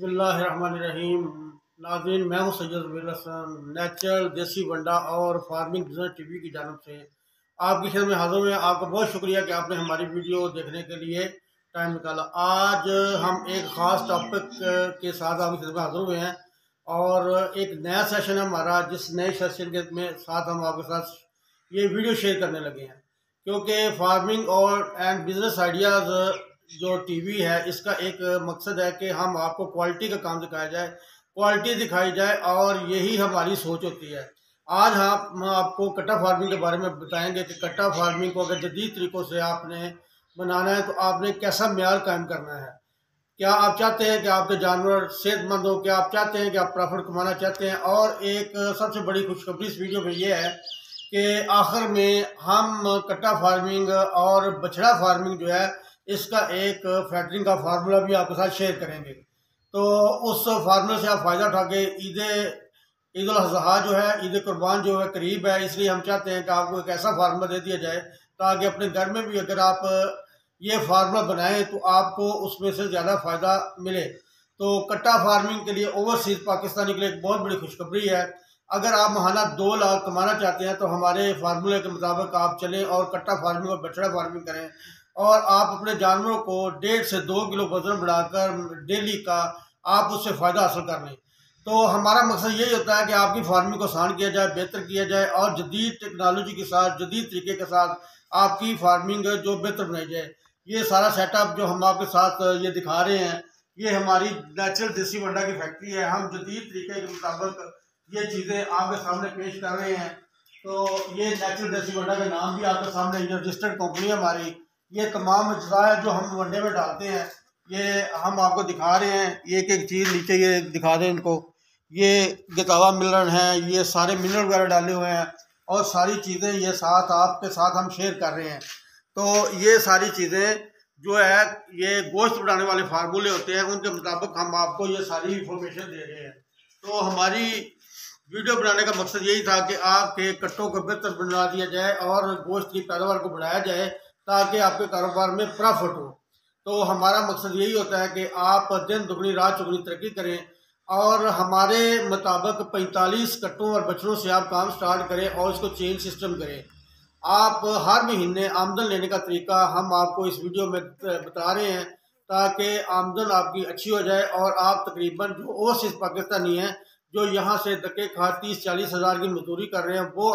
बसमीम नाजीन मैं हूँ सैयद हसन नेचुरल देसी वंडा और फार्मिंग बिजनेस टीवी की जानब से आपकी खेल में हाजिर हुए आपका बहुत शुक्रिया कि आपने हमारी वीडियो देखने के लिए टाइम निकाला आज हम एक ख़ास टॉपिक के साथ आपकी खेल में हाजिर हुए हैं और एक नया सेशन है हमारा जिस नए सेशन के में साथ हम आपके साथ ये वीडियो शेयर करने लगे हैं क्योंकि फार्मिंग और एंड बिजनेस आइडियाज़ जो टीवी है इसका एक मकसद है कि हम आपको क्वालिटी का काम दिखाया जाए क्वालिटी दिखाई जाए और यही हमारी सोच होती है आज हम आपको कट्टा फार्मिंग के बारे में बताएंगे कि कट्टा फार्मिंग को अगर जदीद तरीक़ों से आपने बनाना है तो आपने कैसा मैार कायम करना है क्या आप चाहते हैं कि आपके जानवर सेहतमंद हो क्या आप चाहते हैं कि आप प्रॉफिट कमाना चाहते हैं और एक सबसे बड़ी खुशखबरी इस वीडियो में ये है कि आखिर में हम कट्टा फार्मिंग और बछड़ा फार्मिंग जो है इसका एक फैक्टरिंग का फार्मूला भी आपके साथ शेयर करेंगे तो उस फार्मूले से आप फ़ायदा उठा के ईद ईद अजहा जो है ईद कुर्बान जो है करीब है इसलिए हम चाहते हैं कि आपको एक ऐसा फार्मूला दे दिया जाए ताकि अपने घर में भी अगर आप ये फार्मूला बनाएं तो आपको उसमें से ज़्यादा फ़ायदा मिले तो कट्टा फार्मिंग के लिए ओवरसीज पाकिस्तानी के लिए एक बहुत बड़ी खुशखबरी है अगर आप महाना दो लाख कमाना चाहते हैं तो हमारे फार्मूले के मुताबिक आप चलें और कट्टा फार्मिंग और बछड़ा फार्मिंग करें और आप अपने जानवरों को डेढ़ से दो किलो वजन बढ़ाकर डेली का आप उससे फ़ायदा हासिल कर लें तो हमारा मकसद यही होता है कि आपकी फार्मिंग को आसान किया जाए बेहतर किया जाए और जदीद टेक्नोलॉजी के साथ जदीद तरीके के साथ आपकी फार्मिंग जो बेहतर बनाई जाए ये सारा सेटअप जो हम आपके साथ ये दिखा रहे हैं ये हमारी नेचुरल देसी वंडा की फैक्ट्री है हम जदीद तरीके के मुताबिक ये चीज़ें आपके सामने पेश कर रहे हैं तो ये नेचुरल देसी वंडा का नाम भी आपके सामने रजिस्टर्ड कंपनी है हमारी ये तमाम अज्जा है जो हम वनडे में डालते हैं ये हम आपको दिखा रहे हैं ये एक एक चीज़ नीचे ये दिखा रहे हैं इनको ये गतावा मिलन है ये सारे मिनरल वगैरह डाले हुए हैं और सारी चीज़ें ये साथ आपके साथ हम शेयर कर रहे हैं तो ये सारी चीज़ें जो है ये गोश्त बनाने वाले फार्मूले होते हैं उनके मुताबिक हम आपको ये सारी इंफॉर्मेशन दे रहे हैं तो हमारी वीडियो बनाने का मकसद यही था कि आपके कट्टों को बेहतर बना दिया जाए और गोश्त की पैदावार को बढ़ाया जाए ताकि आपके कारोबार में प्रॉफिट हो तो हमारा मकसद यही होता है कि आप दिन दुगनी रात चुगनी तरक्की करें और हमारे मुताबिक 45 कट्टों और बछड़ों से आप काम स्टार्ट करें और इसको चेन सिस्टम करें आप हर महीने आमदन लेने का तरीका हम आपको इस वीडियो में बता रहे हैं ताकि आमदन आपकी अच्छी हो जाए और आप तकरीबन जो ओवरसीज पाकिस्तानी हैं जो यहाँ से धक्के खा तीस चालीस हज़ार की मजदूरी कर रहे हैं वो